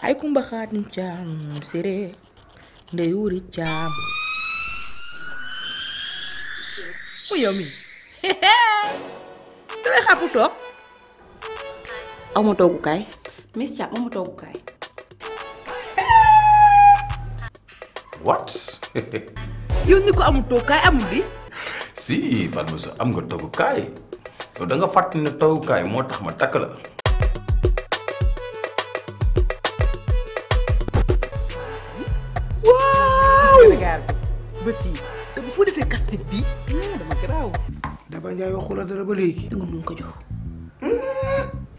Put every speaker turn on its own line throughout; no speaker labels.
ay kumba xaatim caam séré ndey wuri caam mu yow mi damay xàppu toog awma toogukaay Miss Thiam awma toogukaay what yow ni ko amul toogukaay amul bi si Fatmoussa am nga toogukaay yow da nga fàttali ne toogukaay moo tax ma takk la bëti foo defee casting bi dama garaaw Daba Njaay waxu la dara ba léegi dugg mu ko jox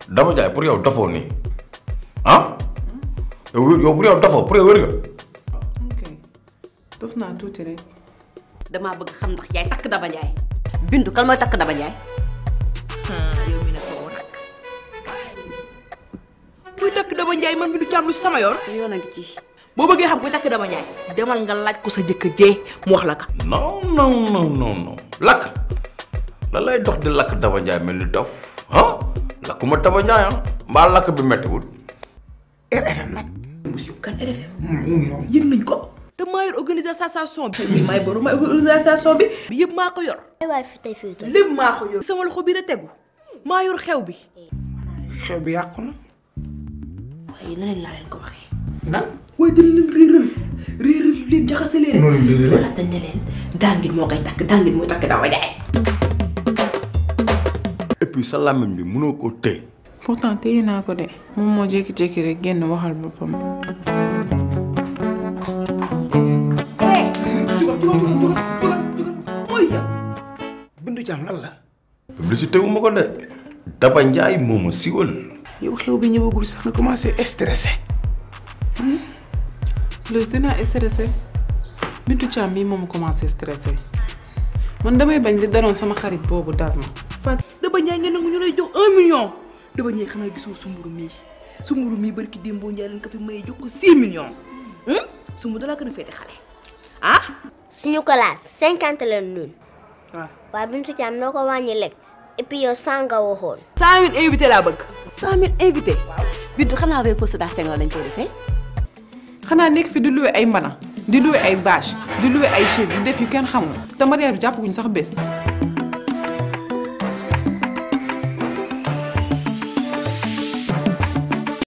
Daba Njaay pour yow dafoo ni ah yow pour yow dafoo pour yow wér nga ok dof naa tuuti rek damaa bëgg xam ndax yaay takk Daba Njaay bindu kan mooy takk Daba Njaay yow mi ne ko man bindu càmm lu sama yor? yoon a ngi ci boo bëggee xam kuy takk dama ñaay demal nga laaj ko sa jëkkër jee mu wax la ka non non non lakk lan lay dox di lakk daba njaay mel ni dof ah lakkuma daba njaay ah mbaa lakk bi méttiwul RFM nag hmm, ko te maa yor organisation yëpp maa ko yor waay fi tey fii lépp sama loxo bi la tegu maa yor xew bi xew bi yàqu na waaye leneen laa leen ko waxee mooy dina leen réeral réeral leen jaxase leen. noonu wala dañ ne dangit moo koy takk dangit mooy takk daawa jaay. et puis sa bi mënoo koo téye. pourtant téye naa ko de moom moo jékki-jékki rek génn waxal boppam. bindu jaam lan la. publicité wu ma ko de. Daba yow xew bi sax nga plus dinaa stressé Bintu Thiam mii moom commencé stressé man damay bañ li danoon sama xarit boobu dal ma. Fatou Daba Ndiaye ngeen nangu ñu lay jox un million Daba Ndiaye xanaa gisoo sumburu mii sumburu mii barki Dembo Ndiaye lañ ko fi maye jox ko six millions sumbu dalaa gën a féete xale ah. suñu classe cinquante lañ ñun. waaw ah. waaye Bintu Thiam noo ko wàññi lekk. et puis yow saa nga waxoon. cent mille invités laa bëgg. cent mille invités. waaw Bintu xanaa réer poste daa Senghor lañ koy defee. xanaa nek fi di loué ay mbana di loué ay bâche di loué ay chaise di def yu kenn xamul te mariage bi jàppaguñ sax bés